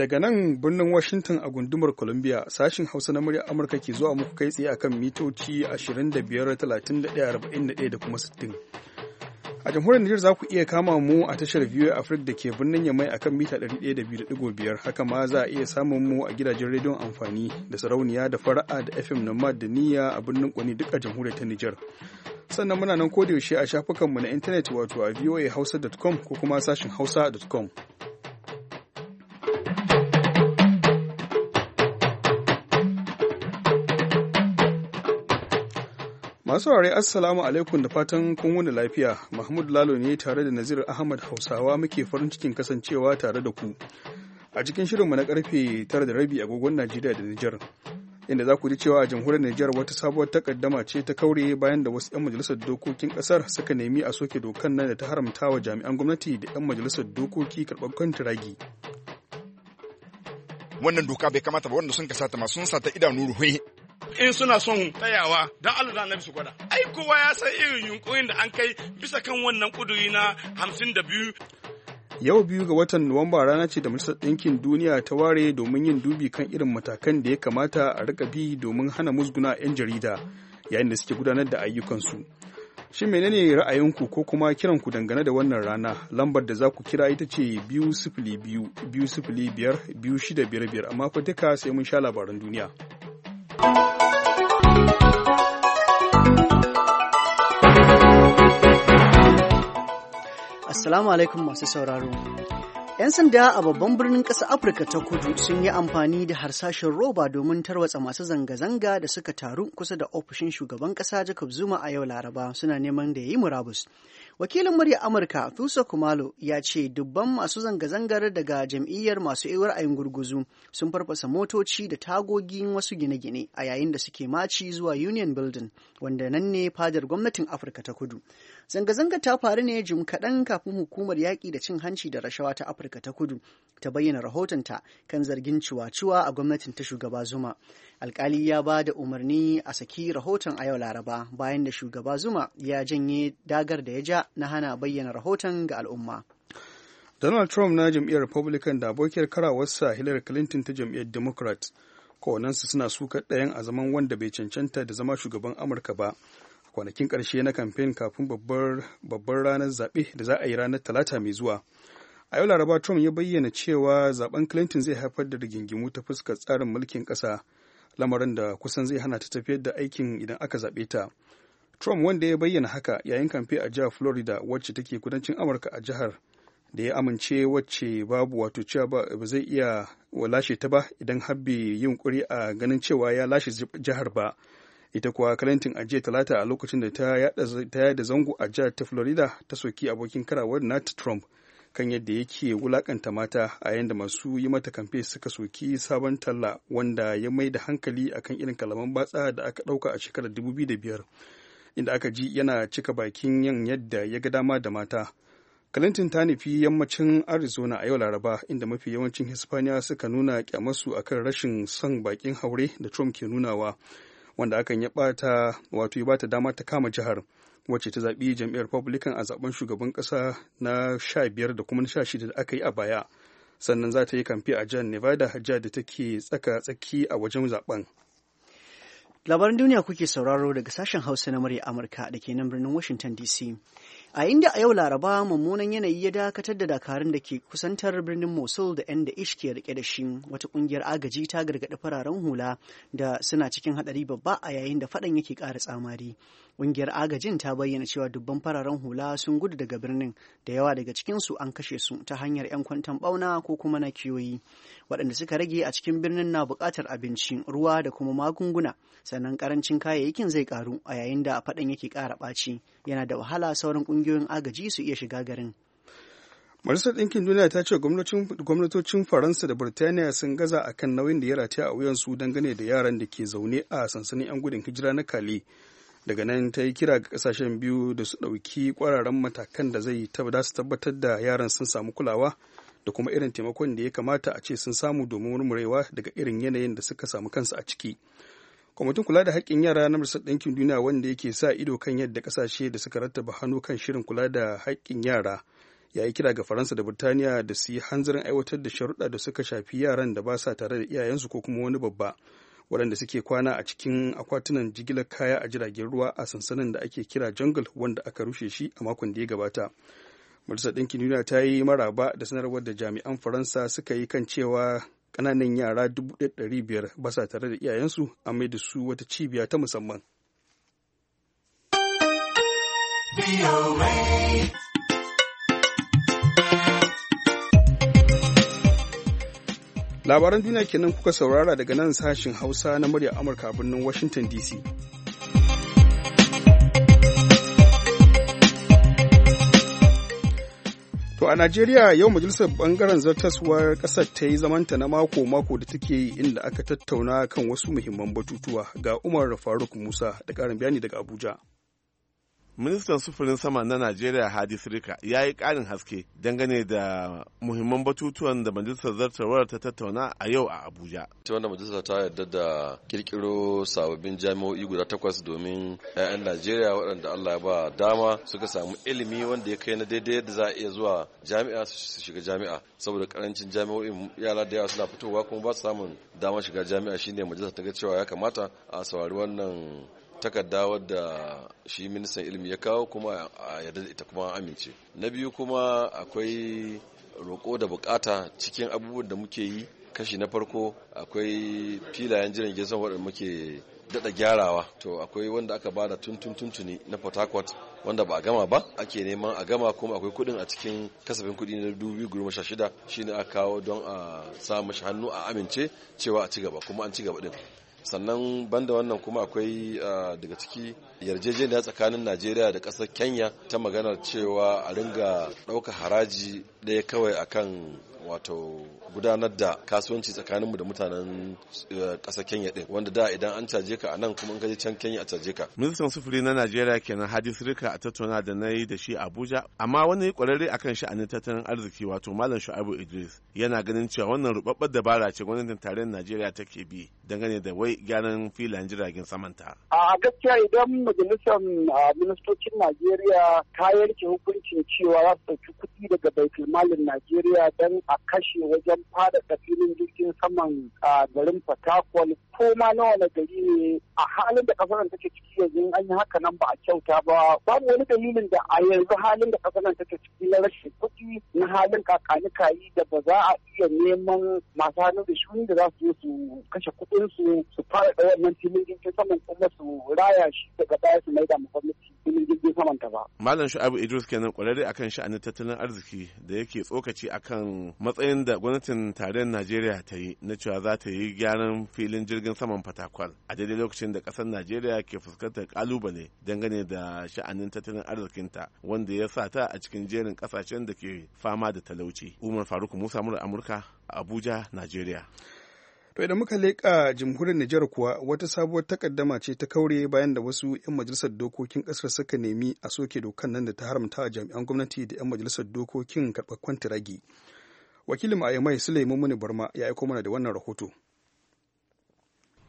Daga nan birnin Washington a gundumar Columbia sashin Hausa na murya Amurka ke zuwa muku kai tsaye akan mitoci 25, da kuma 60. A jamhuriyar Nijar za ku iya kama mu a tashar VOA Africa da ke birnin Yamai akan mita 102.5 haka ma za a iya samun mu a gidajen rediyon amfani da sarauniya da fara'a da FM na da niyya a birnin Kwani duk a jamhuriyar ta Nijar. Sannan muna nan ko da yaushe a shafukanmu na intanet wato a voahausa.com ko kuma sashin hausa.com. Masu ware assalamu alaikum da fatan kun wani lafiya. Mahmud Lalo ne tare da Nazir Ahmad Hausawa muke farin cikin kasancewa tare da ku. A cikin shirinmu na karfe tara da rabi agogon Najeriya da Nijar. Inda za ku ji cewa a jamhuriyar Nijar wata sabuwar takaddama ce ta kaure bayan da wasu 'yan majalisar dokokin kasar suka nemi a soke dokan nan da ta haramta wa jami'an gwamnati da 'yan majalisar dokoki karɓar kwantiragi. Wannan doka bai kamata ba wanda sun kasata masu sun sata idanu ruhe in suna son tsayawa don Allah da annabi su gwada ai kowa ya san irin yunkurin da an kai bisa kan wannan kuduri na hamsin da biyu yau biyu ga watan nuwamba rana ce da majalisar ɗinkin duniya ta ware domin yin dubi kan irin matakan da ya kamata a rika bi domin hana musguna 'yan jarida yayin da suke gudanar da ayyukansu shin menene ra'ayinku ko kuma kiranku dangane da wannan rana lambar da za ku kira ita ce biyu sifili biyu biyu sifili biyar biyu shida biyar biyar amma fa duka sai mun sha labaran duniya Assalamu alaikum masu sauraro. 'Yan sanda a babban birnin ƙasa Afirka ta kudu sun yi amfani da harsashen roba domin tarwatsa masu zanga-zanga da suka taru kusa da ofishin shugaban ƙasa Jacob Zuma a yau Laraba suna neman da ya yi murabus. Wakilin murya Amurka Thuso Kumalo ya ce dubban masu zanga-zangar daga jam'iyyar masu ra'ayin gurguzu sun farfasa motoci da tagogin wasu gine-gine a yayin da suke maci zuwa Union Building wanda nan ne fadar gwamnatin Afirka ta Kudu. Zanga-zanga ta faru ne jim kaɗan kafin hukumar yaƙi da cin hanci da rashawa ta Afirka ta kudu ta bayyana rahotonta kan zargin ciwa-ciwa a gwamnatin ta shugaba Zuma. Alkali ya ba da umarni a saki rahoton a yau Laraba bayan da shugaba Zuma ya janye dagar da ya ja na hana bayyana rahoton ga al'umma. Donald Trump na jam'iyyar Republican da abokiyar karawarsa Hillary Clinton ta jam'iyyar Democrat kowannensu suna suka ɗayan a zaman wanda bai cancanta da zama shugaban Amurka ba. kwanakin karshe na kamfen kafin babbar ranar zaɓe da za a yi ranar talata mai zuwa a yau laraba trump ya bayyana cewa zaben clinton zai haifar da rigingimu ta fuskar tsarin mulkin ƙasa lamarin da kusan zai hana ta tafiyar da aikin idan aka zaɓe ta trump wanda ya bayyana haka yayin kamfe a jihar florida wacce take kudancin amurka a jihar da ya amince wacce babu wato cewa ba zai iya lashe ta ba idan habbi yin kuri a ganin cewa ya lashe jihar ba ita kuwa clinton a jiya talata a lokacin da ta yada zango a jihar ta florida ta soki abokin karawar nat trump kan yadda yake wulakanta mata a yayin da masu yi mata kamfe suka soki sabon talla wanda ya mai da hankali akan irin kalaman batsa da aka ɗauka a shekarar 2005 inda aka ji yana cika bakin yin yadda ya ga dama da mata clinton ta nufi yammacin arizona a yau laraba inda mafi yawancin hispaniya suka nuna kyamarsu akan rashin son bakin haure da trump ke nunawa wanda akan ya bata wato ya bata dama ta kama jihar wacce ta zaɓi jam'iyyar republican a zaben shugaban ƙasa na 15 da kuma na 16 da aka yi a baya sannan za ta yi kamfe a jihar nevada jihar da take tsaka tsaki a wajen zaben Labaran duniya kuke sauraro daga sashen Hausa na murya Amurka da ke nan birnin Washington DC. A inda a yau Laraba mummunan yanayi ya dakatar da dakarun da ke kusantar birnin Mosul da 'yan da ish ke rike da shi wata ƙungiyar agaji ta gargaɗi fararen hula da suna cikin haɗari babba a yayin da faɗan yake ƙara tsamari. Ƙungiyar agajin ta bayyana cewa dubban fararen hula sun gudu daga birnin da yawa daga cikinsu an kashe su ta hanyar 'yan kwantan ɓauna ko kuma na kiyoyi. Waɗanda suka rage a cikin birnin na buƙatar abinci, ruwa da kuma magunguna, sannan ƙarancin kayayyakin zai ƙaru a yayin da faɗan yake ƙara ɓaci. Yana da wahala sauran ƙungiyoyin agaji su iya shiga garin. Majalisar Ɗinkin Duniya ta ce gwamnatocin Faransa da Burtaniya sun gaza akan nauyin da ya rataya a wuyansu dangane da yaran da ke zaune a sansanin 'yan gudun hijira na Kale daga nan ta yi kira ga kasashen biyu da su ɗauki ƙwararren matakan da zai da su tabbatar da yaran sun samu kulawa da kuma irin taimakon da ya kamata a ce sun samu domin murmurewa daga irin yanayin da suka samu kansu a ciki kwamitin kula da haƙƙin yara na majalisar ɗinkin duniya wanda yake sa ido kan yadda ƙasashe da suka rattaba hannu kan shirin kula da haƙƙin yara ya yi kira ga faransa da birtaniya da su yi hanzarin aiwatar da sharuɗa da suka shafi yaran da ba sa tare da iyayensu ko kuma wani babba waɗanda suke kwana a cikin akwatunan jigilar kaya a jiragen ruwa a sansanin da ake kira jungle wanda aka rushe shi a makon da ya gabata majalisar ɗinkin duniya ta yi maraba da sanarwar da jami'an faransa suka yi kan cewa ƙananan yara biyar ba sa tare da iyayensu a mai da su wata cibiya ta musamman. labaran duniya kenan kuka saurara daga nan sashin hausa na murya amurka a birnin washington dc To a Najeriya yau majalisar bangaren zartaswar kasar ta yi zamanta na mako-mako da take yi inda aka tattauna kan wasu muhimman batutuwa ga Umar Faruk Musa da karin bayani daga Abuja. ministan sufurin sama na najeriya hadi sirika ya yi karin haske dangane da muhimman batutuwan da majalisar zartarwar ta tattauna a yau a abuja ta wanda majalisar ta yarda da kirkiro sababbin jami'o'i guda takwas domin 'ya'yan najeriya waɗanda allah ya ba dama suka samu ilimi wanda ya kai na daidai yadda za a iya zuwa jami'a su shiga jami'a saboda karancin jami'o'in yara da yawa suna fitowa kuma ba su samun damar shiga jami'a shine majalisar ta ga cewa ya kamata a saurari wannan takarda wadda shi ministan ilimi ya kawo kuma a yarda ita kuma amince na biyu kuma akwai roƙo da bukata cikin abubuwan da muke yi kashi na farko akwai filayen jiran gizon waɗanda muke daɗa gyarawa to akwai wanda aka bada tuntun tuntuni na port wanda ba a gama ba ake neman a gama kuma akwai kuɗin a cikin kasafin kuɗi na dubu goma sha shida shine aka kawo don a sa mashi hannu a amince cewa a ci gaba kuma an ci gaba din sannan banda wannan kuma akwai ah, daga ciki yarjejeniya tsakanin najeriya da ƙasar kenya ta maganar cewa a ringa ɗauka haraji daya kawai akan wato gudanar da kasuwanci tsakaninmu da mutanen eh, ƙasar kenya ɗin wanda da idan an caje ka a nan kuma in ka can kenya a caje ka ministan sufuri na najeriya kenan hadis rika a tattauna da na yi da shi abuja amma wani kwararre akan sha'anin tattalin arziki wato malam shu'abu idris yana ganin cewa wannan rubabbar dabara ce gwamnatin tarayyar najeriya take bi dangane da wai gyaran filayen jiragen samanta a gaskiya idan majalisar ah, ministocin Najeriya ta yanke hukuncin cewa za su ɗauki kuɗi daga malin Najeriya don a kashe wajen fada filin jirgin saman ah, garin Fatakwal ko ma nawa na gari ne a halin da kasar take ciki yanzu an yi haka nan ba a kyauta ba babu wani dalilin da a yanzu halin da kasar take ciki na rashin kuɗi na halin kakanikayi da ba za a iya neman masu hannu da shuni da za su zo su kashe kuɗinsu su fara da wannan filin jirgin saman kuma su raya shi daga baya su maida da jirgin samanta ba. Malam Shu'abu Idris kenan kwararre akan sha'anin tattalin arziki da yake tsokaci akan matsayin da gwamnatin tarayyar Najeriya ta yi na cewa za ta yi gyaran filin jirgin saman Fatakwal a daidai lokacin da kasar Najeriya ke fuskantar kalubale dangane da sha'anin tattalin arzikinta wanda ya sa ta a cikin jerin kasashen da ke fama da talauci. Umar Faruk Musa Mura Amurka Abuja, Najeriya. To idan muka leƙa jamhuriyar Nijar kuwa wata sabuwar takaddama ce ta kaure bayan da wasu 'yan majalisar dokokin ƙasar suka nemi a soke dokan nan da ta haramta jami'an gwamnati da 'yan majalisar dokokin karɓar kwantiragi. Wakilin Ayamai suleiman Muni Barma ya aiko mana da wannan rahoto.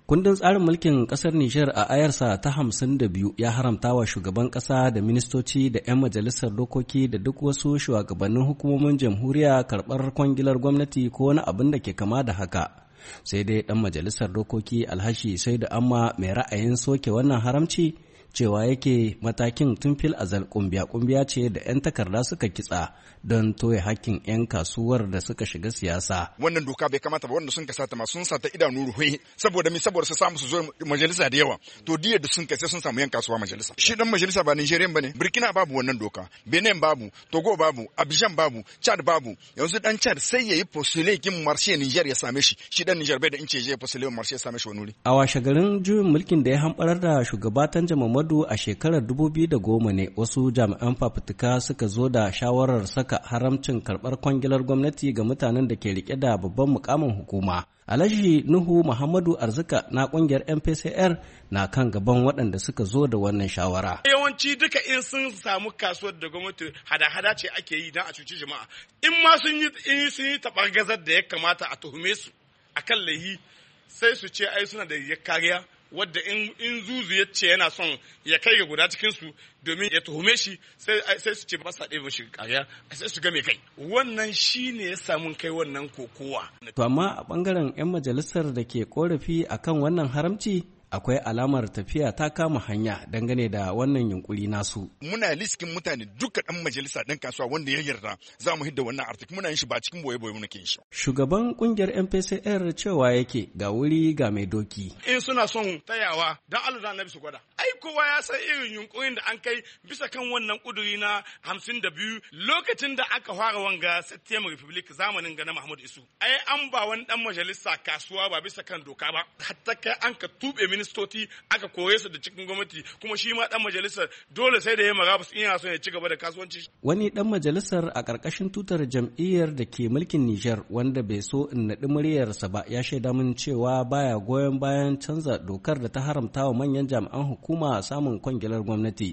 Kundin tsarin mulkin ƙasar Nijar a ayarsa ta hamsin da biyu ya haramta wa shugaban ƙasa da ministoci da 'yan majalisar dokoki da duk wasu shugabannin hukumomin jamhuriya karɓar kwangilar gwamnati ko wani abin da ke kama da haka sai dai ɗan majalisar dokoki alhashi sai da amma mai ra'ayin soke wannan haramci cewa yake matakin tun fil azal kumbiya-kumbiya ce da 'yan takarda suka kitsa don toye hakkin 'yan kasuwar da suka shiga siyasa. Wannan doka bai kamata ba wanda sun kasa ta sun sata idanu ruhe saboda mi saboda su samu su zo majalisa da yawa to diya da sun kai sun samu 'yan kasuwa majalisa. Shi dan majalisa ba Nigeria bane Burkina babu wannan doka Benin babu Togo babu Abidjan babu Chad babu yanzu dan Chad sai yayi posile kin marshe Niger ya same shi shi dan Niger bai da in ce je posile marshe ya same shi wani wuri. A washe garin juyin mulkin da ya hamɓarar da shugabatan jama'a Muhammadu a shekarar 2010 ne wasu jami'an fafutuka suka zo da shawarar saka haramcin karɓar kwangilar gwamnati ga mutanen da ke rike da babban mukamin hukuma. Alhaji Nuhu Muhammadu Arzika na ƙungiyar MPCR na kan gaban waɗanda suka zo da wannan shawara. Yawanci duka in sun samu kasuwar da gwamnati hada-hada ce ake yi don a cuci jama'a. In ma sun yi sun yi taɓar gazar da ya kamata a tuhume su a kan lahi sai su ce ai suna da kariya wadda in zuzu ya ce yana son ya kai ga guda cikinsu, domin ya tuhume shi sai su ce ba sa ɗaya shi kariya sai su game kai wannan shi ne ya samu kai wannan kokowa to amma a ɓangaren yan majalisar da ke korafi akan wannan haramci akwai alamar tafiya ta kama hanya dangane da wannan yunkuri nasu. Muna liskin mutane duka ɗan majalisa ɗan kasuwa wanda ya yarda za mu hidda wannan artik muna yin shi ba cikin boye boye k'in shi. Shugaban kungiyar MPCR cewa yake ga wuri ga mai doki. In suna son tayawa dan Allah da Annabi su gwada. Ai kowa ya san irin yunkurin da an kai bisa kan wannan kuduri na hamsin da biyu lokacin da aka fara wanga September Republic zamanin ga na Mahmud Isu. Ai an ba wani ɗan majalisa kasuwa ba bisa kan doka ba. Hatta kai an ka tuɓe mini ministoci aka kore su da cikin gwamnati kuma shi ma dan majalisar dole sai da ya marabus in yana son ya ci gaba da kasuwanci wani dan majalisar a karkashin tutar jam'iyyar da ke mulkin Nijar wanda bai so in naɗi muryarsa ba ya shaida min cewa baya goyon bayan canza dokar da ta haramta wa manyan jami'an hukuma samun kwangilar gwamnati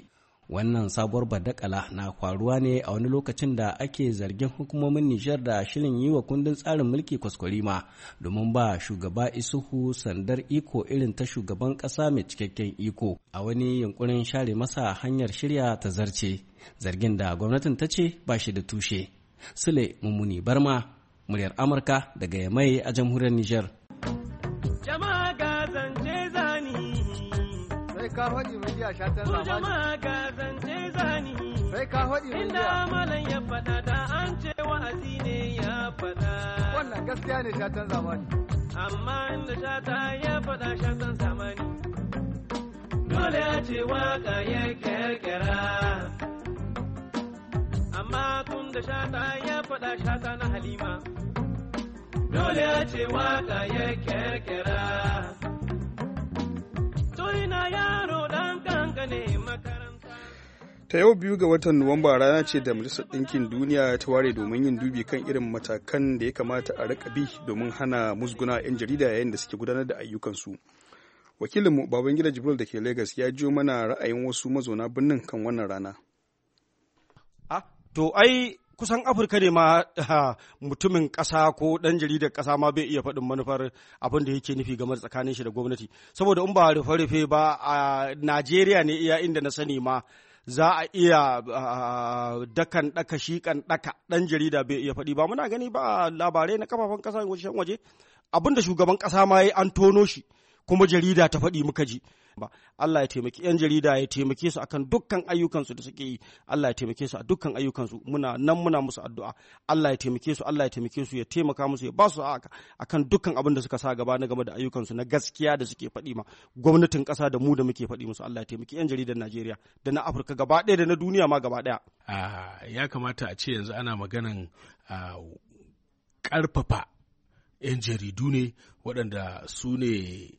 wannan sabuwar badakala na kwaruwa ne a wani lokacin da ake zargin hukumomin nijar da shirin yi wa kundin tsarin mulki kwaskwarima domin ba shugaba isuhu sandar iko irin ta shugaban ƙasa mai cikakken iko a wani yunkurin share masa hanyar shirya ta zarce zargin da gwamnatin ta ce ba shi da tushe sule mummuni barma muryar amurka daga yamai a jamhuriyar nijar ka faɗi mu jiya sha shatan zamani. jama'a ka zance zani. Sai ka faɗi mu jiya. Inda malam ya faɗa da an ce wa'azi ne ya faɗa. Wannan gaskiya ne shatan tan zamani. Amma inda shata ya faɗa shatan tan zamani. Dole a ce waka ya kirkira. amma kun da shata ya faɗa shata na halima dole a ce waka ya kirkira ta yau biyu ga watan nuwamba rana ce da majalisar ɗinkin duniya ta ware domin yin dubi kan irin matakan da ya kamata a raka bi domin hana musguna 'yan jarida yayin da suke gudanar da ayyukansu wakilinmu babangida jibril da ke lagos ya jiyo mana ra'ayin wasu mazauna birnin kan wannan rana ah, to ai kusan afirka ne ma mutumin ƙasa ko ɗan jaridar kasa ma bai iya faɗin manufar abin da yake nufi game tsakanin shi da gwamnati saboda in ba rufe-rufe ba a najeriya ne iya inda na sani ma za a iya dakan ɗaka kan ɗaka ɗan jarida bai iya faɗi ba muna gani ba labarai na kafafen ƙasa wajen waje abin da shugaban kasa ma ya an tono shi kuma jarida ta faɗi muka ji ba Allah ya taimaki yan jarida ya taimake su akan dukkan ayyukan su da suke yi Allah ya taimake su a dukkan ayyukan ayyukansu muna nan muna musu addu'a Allah ya taimake su Allah ya taimake su ya taimaka musu ya ba su akan dukkan abin da suka sa gaba na game da ayyukan su na gaskiya da suke faɗi ma gwamnatin ƙasa da mu da muke faɗi musu Allah ya taimaki yan jaridar Najeriya da na Afirka gaba ɗaya da na duniya ma gaba ɗaya ya kamata a ce yanzu ana maganan ƙarfafa 'yan jaridu ne waɗanda su ne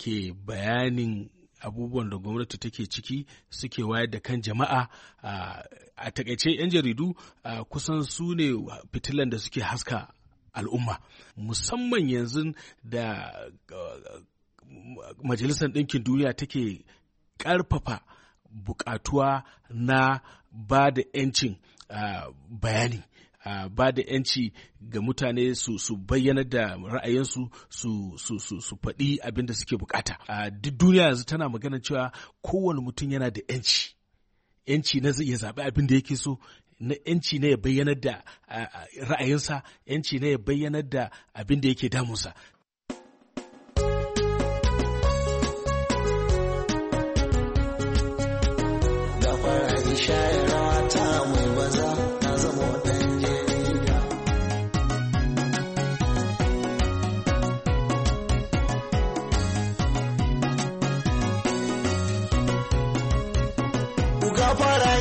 ke bayanin abubuwan da gwamnati take ciki suke wayar da kan jama'a a takaice 'yan jaridu kusan su ne fitilan da suke haska al'umma musamman yanzu da majalisar ɗinkin duniya take ƙarfafa bukatuwa na ba da 'yancin bayani a ba da yanci ga mutane su bayyana da ra'ayinsu su su faɗi abin da suke bukata a duk duniya yanzu tana magana cewa kowane mutum yana da yanci yanci na zai iya zaɓi abin da yake so na yanci ne ya bayyana da ra'ayinsa yanci ne ya bayyana da abin da yake damunsa shine.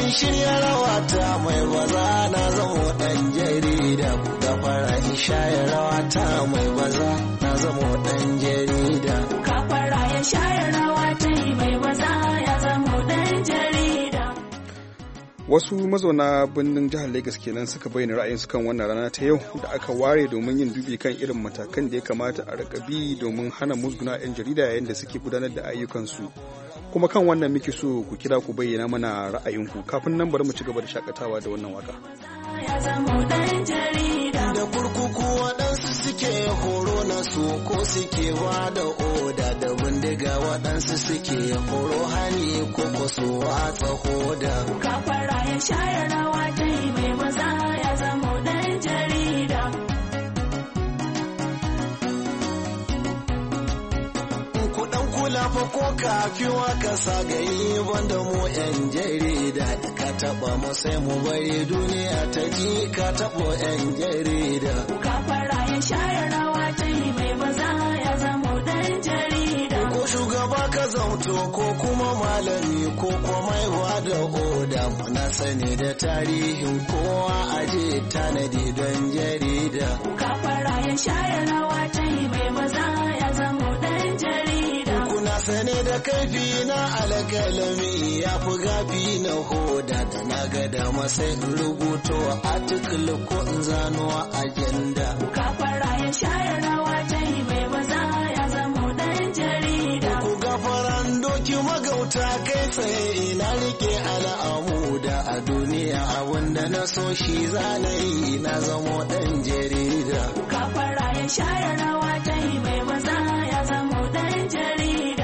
shirya rawa ta mai baza na zamo ɗan jarida da fara in shaya rawa ta mai baza na zamo ɗan jarida ka fara ya shaya rawa ta mai baza ya zamo ɗan jarida wasu mazauna birnin jihar Legas kenan suka bayyana ra'ayinsu kan wannan rana ta yau da aka ware domin yin dubi kan irin matakan da ya kamata a rakabi domin hana musguna 'yan jarida yayin da suke gudanar da ayyukansu. su kuma kan wannan muke so ku kira ku bayyana mana ra'ayinku kafin nan bari mu ci gaba da shakatawa da wannan waka da kurkuku waɗansu suke horo na su ko suke ba da oda da bindiga waɗansu suke horo hani ko ko su watsa hoda ka fara ya shayar ko kafiwa ka sagayi da mu yan jarida ka taba mu sai mu bari duniya ta ji ka tabo yan jarida ka fara ya share rawa ta yi mai baza ya zama dan jarida ko shugaba ka zauto ko kuma malami ko kuma mai da oda Na sani da tarihin kowa aje tanadi don jarida ka fara ya share rawa ta yi mai baza sane da kaifi na alƙalami ya fi gafi na hoda da na ga dama sai in rubuto article ko in zano agenda ya share rawa ta yi mai maza ya zamo ɗan jarida ku gafaran doki magauta kai tsaye ina rike al'amu da a duniya abinda na so shi zanayi na zamo ɗan jarida fara ya share rawa ta yi mai maza ya zamo ɗan jarida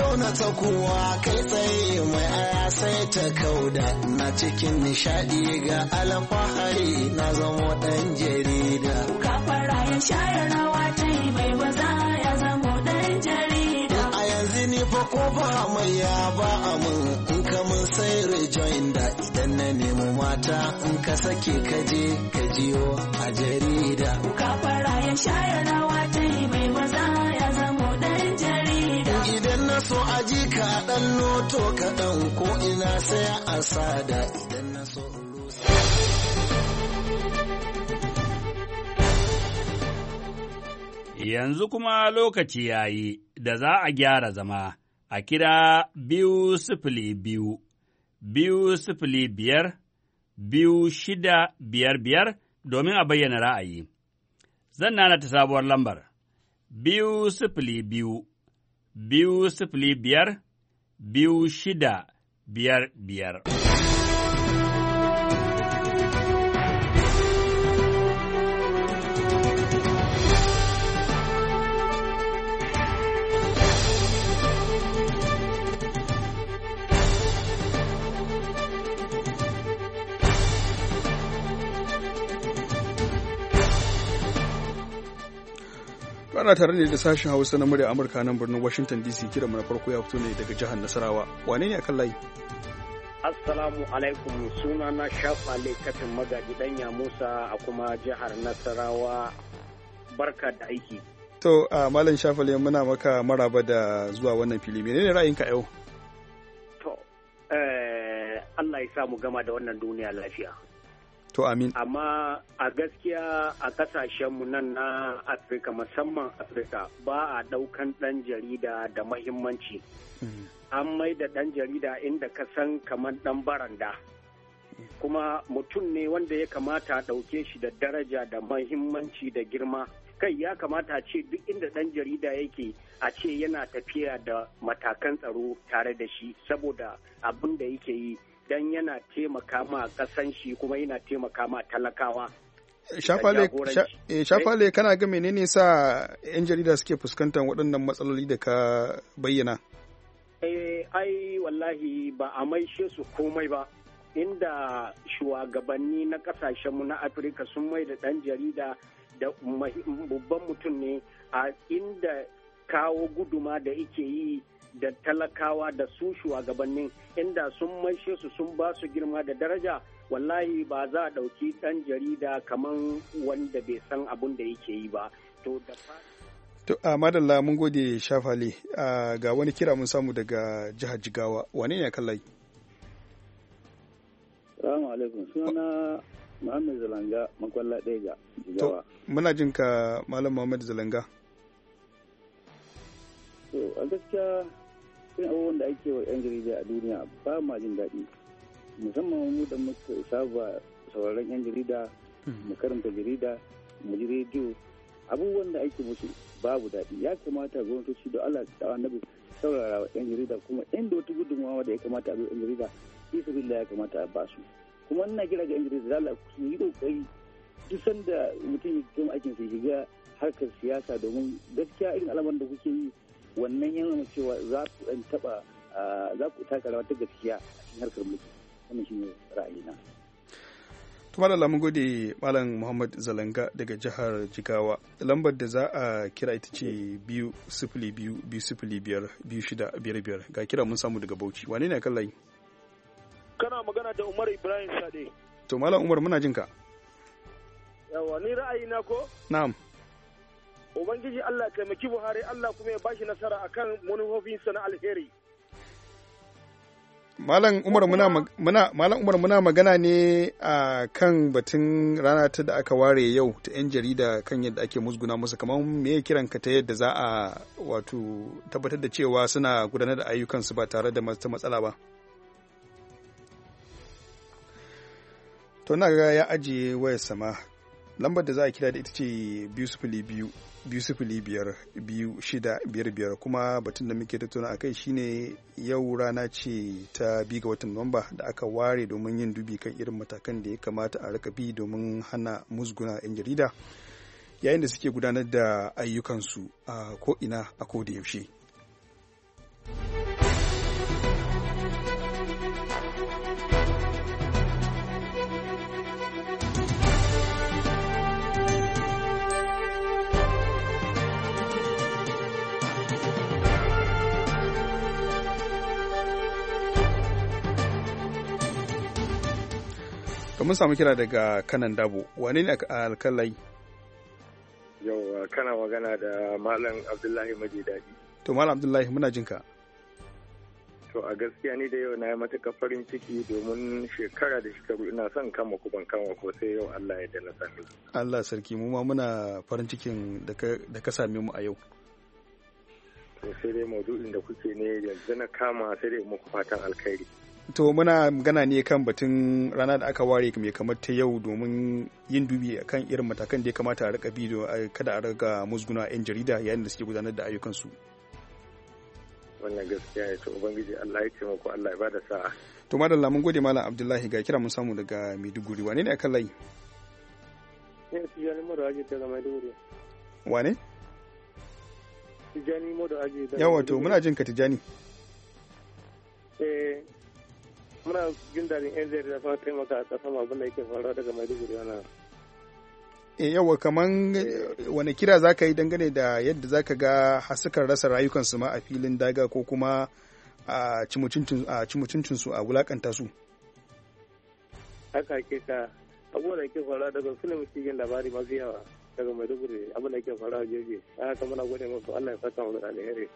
taunata kowa kai tsaye mai aya sai ta kauda na cikin nishadi ga alfahari na zamo dan jarida kafara ya share rawa ta yi mai baza ya zamo dan jarida a yanzu ni fa ko ba amarya ba amin in ka mun sai rejoin da idan na nemi mata in ka sake kaje ka jiyo a jarida kafara ya share rawa ta yi mai baza ya zamo so aji ka dan loto kaɗan ko ina sai a sada idan na so Yanzu kuma lokaci ya yi da za a gyara zama a kira biyu sifili biyu, biyu sifili biyar, biyu shida biyar biyar domin a bayyana ra'ayi. Zan nana ta sabuwar lambar, biyu sifili biyu, biyu sifili biyar biyu shida biyar biyar. ana tare ne da sashen hausa na murya amurka nan birnin washington dc kira na farko ya fito ne daga jihar nasarawa wane ne akan layi assalamu alaikum suna na shafale katin magaji danya musa a kuma jihar nasarawa barka da aiki to a malam shafale muna maka maraba da zuwa wannan fili menene ra'ayinka yau to eh, Allah ya sa mu gama da wannan duniya lafiya To amin. Amma a gaskiya a kasashenmu nan na Afirka musamman Afirka ba a ɗaukan ɗan jarida da mahimmanci. Hmm. An mai da ɗan jarida inda ka san kamar ɗan baranda. Hmm. Kuma mutum ne wanda ya kamata a ɗauke shi da daraja da mahimmanci da girma. Kai ya kamata a ce duk inda ɗan jarida yake a ce yana tafiya da matakan tsaro tare da shi saboda abin da yake yi. dan yana taimaka ma kasan shi kuma yana taimaka ma talakawa eh, shafale eh, eh? kana ga menene sa 'yan jarida suke fuskantar waɗannan matsaloli da ka bayyana ai wallahi ba a maishe su komai ba inda shugabanni na mu na afirka sun mai da ɗan jarida da babban mutum ne a inda kawo guduma da ike yi da talakawa da su shugabannin inda sun maishe su sun ba su girma da daraja wallahi ba za a ɗauki ɗan jarida kamar wanda bai san abin da yake yi ba to da To, a madalla mun gode shafale ga wani kira mun samu daga jihar Jigawa wane ne kan layi? Salamu alaikum suna Muhammad Zalanga makwalla ɗaya ga Jigawa. muna jin ka Malam Muhammad Zalanga. To, a gaskiya cikin abubuwan da ake wa 'yan jarida a duniya ba ma jin daɗi musamman mu da muka saba sauraron 'yan jarida hmm. mu karanta jarida mu ji rediyo abubuwan da ake musu babu daɗi ya kamata gwamnatoci da Allah da annabi saurara wa 'yan jarida kuma inda wata gudunmawa da ya kamata a zo 'yan jarida isa billah ya kamata a ba su kuma ina kira ga 'yan jarida da Allah su yi kokari duk sanda mutum ya gama aikin shiga harkar siyasa domin gaskiya irin al'amarin da kuke yi wannan yana cewa za ku ɗan taɓa za ku taka rawa ta gaskiya a cikin harkar mulki wannan shine ra'ayina Tuma malam lamun gode malam muhammad zalanga daga jihar jigawa lambar da za a kira ita ce biyu sifili biyu biyu sifili biyar biyu shida biyar biyar ga kira mun samu daga bauchi wane ne kan layi kana magana da umar ibrahim sade to malam umar muna jinka yawa ni na ko na'am ubangiji Allah ya taimaki Buhari Allah kuma ya bashi nasara akan manufofinsa na alheri Malam Umar muna muna Malam Umar muna magana ne a kan batun rana ta da aka ware yau ta 'yan jarida kan yadda ake musguna musu kamar me kiran ka ta yadda za a wato tabbatar da cewa suna gudanar da ayyukansu ba tare da matsala ba. to na ga ya ajiye wayar sama lambar da za a kira da ita ce biyu biyar biyu shida biyar biyar kuma batun da muke tattauna a kai shine yau rana ce ta bi ga watan nuwamba da aka ware domin yin dubi kan irin matakan da ya kamata a raka bi domin hana musguna 'yan jarida yayin da suke gudanar da ayyukansu a ko'ina a ko da yaushe. to mun samu kira daga kanan dabo wane ne alkalai yau uh, kana magana da malam abdullahi maji to malam abdullahi muna jinka to a gaskiya ni da yau na yi matuƙar farin ciki domin shekara da shekaru ina son kama ku ban kama ko sai yau Allah ya dana sami Allah sarki mu ma muna farin cikin da ka same mu a yau to sai dai maudu'in da kuke ne yanzu na kama sai dai muku fatan alkhairi to muna gana ne kan batun rana da aka ware mai kamar ta yau domin yin dubi kan irin matakan da ya kamata a rika bi kada a raga musguna 'yan jarida yayin da suke gudanar da ayyukansu wannan gaskiya ya ce ubangiji allah ya taimako allah ya ba da sa'a to madalla mun gode malam abdullahi ga kira mun samu daga maiduguri wane ne akan layi ne daga maiduguri wane tijjani yawa to muna jin ka tijani eh muna jin daɗin yan jarida kuma taimaka a ƙasa abin da yake faruwa daga maiduguri ana e eh, yawa kaman eh, wani kira za ka yi dangane da yadda za ka ga hasukan rasa rayukansu ma a filin daga ko kuma a cimucincinsu a wulakanta su haka ke ka abubuwan da ke faruwa daga su ne cikin labari masu yawa daga maiduguri abin da ke faruwa jeje haka muna gode masu allah ya saka mu da alheri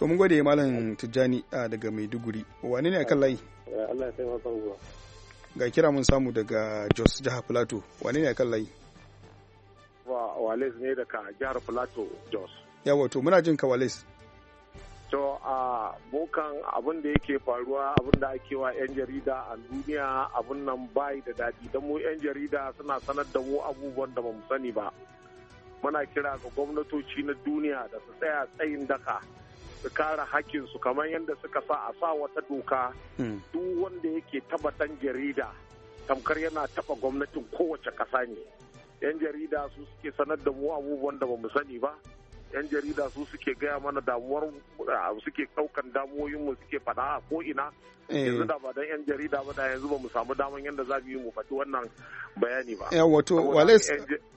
to mun gode malam tijjani daga maiduguri wane ne akan layi Allah ya taimaka ga kira mun samu daga jos jihar plateau wane ne akan layi wales ne daga jihar plateau jos yawa to muna jin ka wales to a bukan abin da yake faruwa abin da ake wa 'yan jarida a duniya abin nan bai da daɗi don mu 'yan jarida suna sanar da mu abubuwan da ba mu sani ba muna kira ga gwamnatoci na duniya da su tsaya tsayin daka su kare su kamar yadda suka sa a sa wata doka hmm. duk wanda yake taba dan jarida tamkar yana taba gwamnatin kowace ƙasa ne yan jarida su suke sanar da mu abubuwan da ba mu sani ba yan jarida su suke gaya mana damuwar ah, suke daukan damuwoyin mu suke fada a ko ina eh. yanzu da ba dan yan jarida ba da yanzu ba mu samu daman yanda za mu yi mu faɗi wannan bayani ba wato wales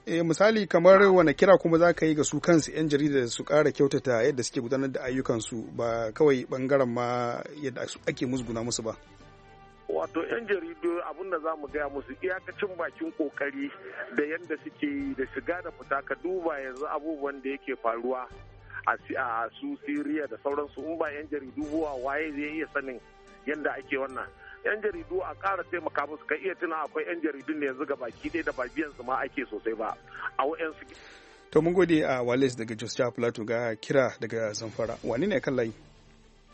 eh, misali kamar wani kira kuma za ka yi ga su kansu yan jarida da su ƙara kyautata yadda suke gudanar da ayyukansu ba kawai bangaren ma yadda ake musguna musu ba wato 'yan jaridu abin da za mu gaya musu iyakacin bakin kokari da yadda suke yi da shiga da fita ka duba yanzu abubuwan da yake faruwa a su siriya da sauransu in ba 'yan jaridu buwa waye zai iya sanin yadda ake wannan 'yan jaridu a ƙara taimaka musu ka iya tuna akwai 'yan jaridun da yanzu ga baki ɗaya da ba su ma ake sosai ba a su to mun gode a wallace daga jos jihar plateau ga kira daga zamfara wani ne kan layi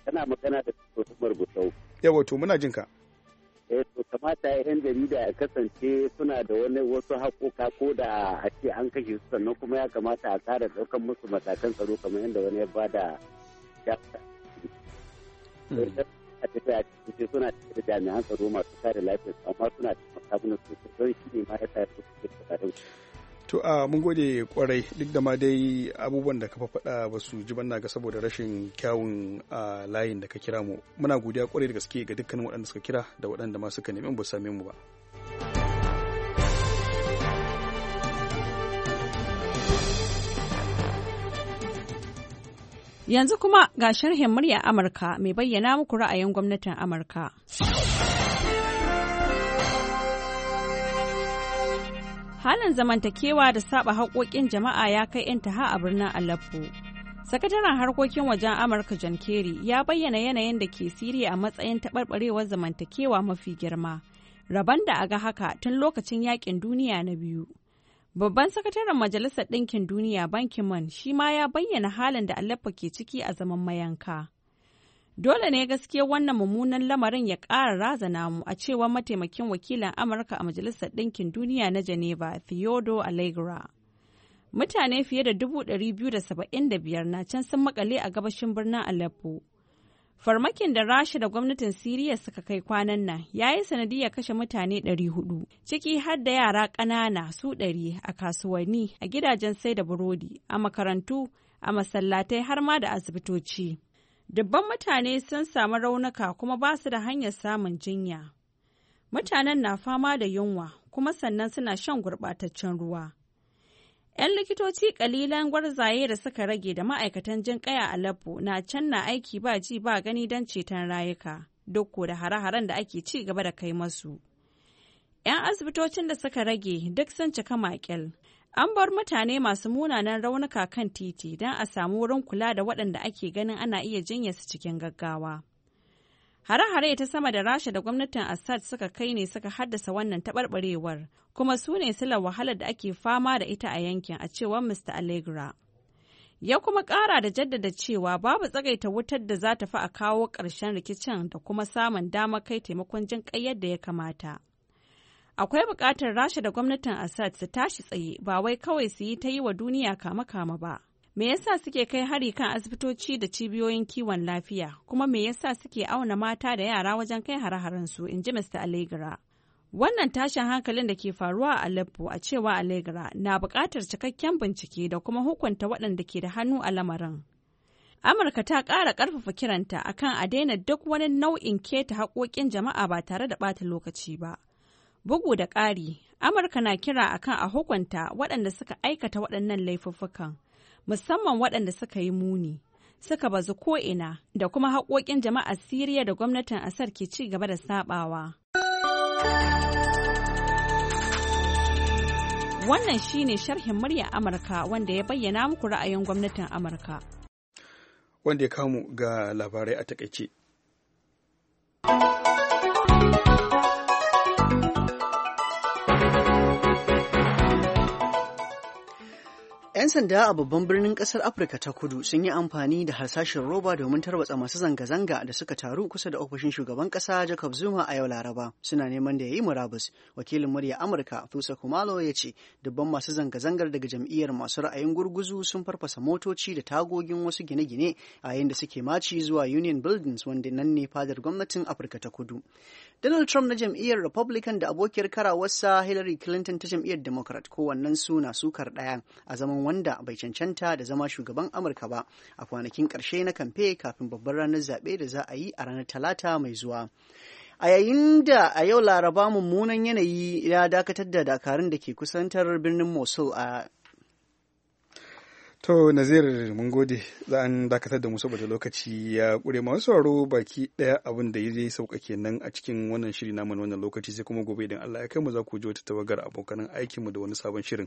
kana magana da tsofaffin busau yawa to muna jinka ka Eh, to kamata yan jarida ya kasance suna da wani wasu haƙoƙa ko da a ce an kashe su sannan kuma ya kamata a kara ɗaukan musu matakan tsaro kamar yadda wani ya ba da hmm. eh, a tafiya a cikin suna da jami'an tsaro masu kare lafiya amma suna da makamunan sosai don shi ne ma ya sa su suke da to a mun gode kwarai duk da ma dai abubuwan da ka faɗa ba su ji banna ga saboda rashin kyawun layin da ka kira mu muna godiya kwarai da gaske ga dukkanin waɗanda suka kira da waɗanda ma suka nemi ba same mu ba Yanzu kuma ga sharhin murya Amurka mai bayyana muku ra'ayin gwamnatin Amurka. halin zamantakewa da saba haƙoƙin jama'a ya kai 'yan taha a birnin Aleppo. Sakataren harkokin wajen Amurka John Kerry ya bayyana yanayin da ke Siriya a matsayin taɓarɓarewar zamantakewa mafi girma, rabon da aga haka tun lokacin yaƙin duniya na biyu. Babban sakataren Majalisar Ɗinkin Duniya Ban ki shi ma ya bayyana halin da Aleppo ke ciki a zaman mayanka. Dole ne gaskiya wannan mummunan lamarin ya ƙara razana mu a cewar mataimakin Wakilin Amurka a Majalisar Ɗinkin Duniya na Geneva, Theodo Allegra. Mutane fiye da 275 na can sun makale a gabashin birnin Aleppo. Farmakin da Rasha da gwamnatin Siriya suka kai kwanan nan ya yi sanadiyar kashe mutane 400, ciki har da yara ƙanana su 100 a kasuwanni, a gidajen sai da burodi, a makarantu, a masallatai har ma da asibitoci. Dubban mutane sun samu raunuka kuma ba su da hanyar samun jinya. Mutanen na fama da yunwa kuma sannan suna shan gurɓataccen ruwa. 'Yan likitoci ƙalilan gwarzaye da suka rage da ma'aikatan jin ƙaya a Aleppo na can na aiki ba ji ba gani don ceton rayuka, duk da hare-haren da ake ci gaba da kai masu. 'Yan asibitocin da suka rage duk sun cika makil. An bar mutane masu munanan raunuka kan titi don a samu wurin kula da waɗanda ake ganin ana iya jinya su cikin gaggawa. Hare-hare ta sama da Rasha da gwamnatin Assad suka kai ne suka haddasa wannan taɓarɓarewar, kuma su ne sila wahalar da ake fama da ita a yankin a cewar Mr. Allegra. Ya kuma ƙara da jaddada cewa babu tsagaita wutar da za ta fi a kawo ƙarshen rikicin da kuma samun damar kai taimakon jin yadda ya kamata. Akwai buƙatar Rasha da gwamnatin Assad su tashi tsaye ba wai kawai su yi ta yi wa duniya kama-kama ba. Me yasa suke kai hari kan asibitoci da cibiyoyin kiwon lafiya kuma me yasa suke auna mata da yara wajen kai hare-haren su in ji Mr. Allegra. Wannan tashin hankalin da ke faruwa a Aleppo a cewa Allegra na buƙatar cikakken bincike da kuma hukunta waɗanda ke da hannu a lamarin. Amurka ta ƙara ƙarfafa kiranta akan a daina duk wani nau'in keta haƙoƙin jama'a ba tare da ɓata lokaci ba. Bugu da ƙari, Amurka na kira akan a hukunta waɗanda suka aikata waɗannan laifuffukan, musamman waɗanda suka yi muni, suka bazu ko'ina da kuma haƙoƙin jama'a Siriya da gwamnatin Asar ke ci gaba da saɓawa. Wannan shi ne sharhin murya Amurka wanda ya bayyana muku ra'ayin gwamnatin Amurka. Wanda ya kamu ga labarai a takaice. 'Yan sanda a babban birnin kasar Afirka ta kudu sun yi amfani da harsashin roba domin tarwatsa masu zanga-zanga da suka taru kusa da ofishin shugaban kasa Jacob Zuma a yau Laraba suna neman da ya yi murabus. Wakilin murya Amurka Tusa Kumalo ya ce dubban masu zanga-zangar daga jam'iyyar masu ra'ayin gurguzu sun farfasa motoci da tagogin wasu gine-gine a yayin da suke maci zuwa Union Buildings wanda nan ne fadar gwamnatin Afirka ta kudu. Donald Trump na jam'iyyar Republican da abokiyar karawarsa Hillary Clinton ta jam'iyyar Democrat su na sukar ɗaya a zaman wanda bai cancanta da zama shugaban amurka ba a kwanakin karshe na kamfe kafin babban ranar zaɓe da za a yi a ranar talata mai zuwa a yayin da a yau laraba mummunan yanayi ya dakatar da dakarun da ke kusantar birnin mosul a To Nazir mun gode za an dakatar da mu saboda lokaci ya kure masu sauraro baki ɗaya abin da ya sauka kenan a cikin wannan shiri namun wannan lokaci sai kuma gobe idan Allah ya kai mu za ku ji wata tawagar abokanan aikinmu da wani sabon shirin.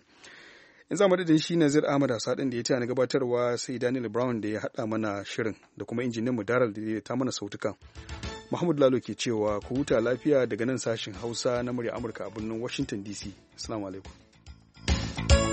in za mu da shi zir ahmad hasadin da ya tana gabatarwa sai daniel brown da ya haɗa mana shirin da kuma injinin mu daral da ya ta mana sautukan muhammadu lalo ke cewa ku huta lafiya daga nan sashen hausa na murya amurka a birnin washington dc assalamu alaikum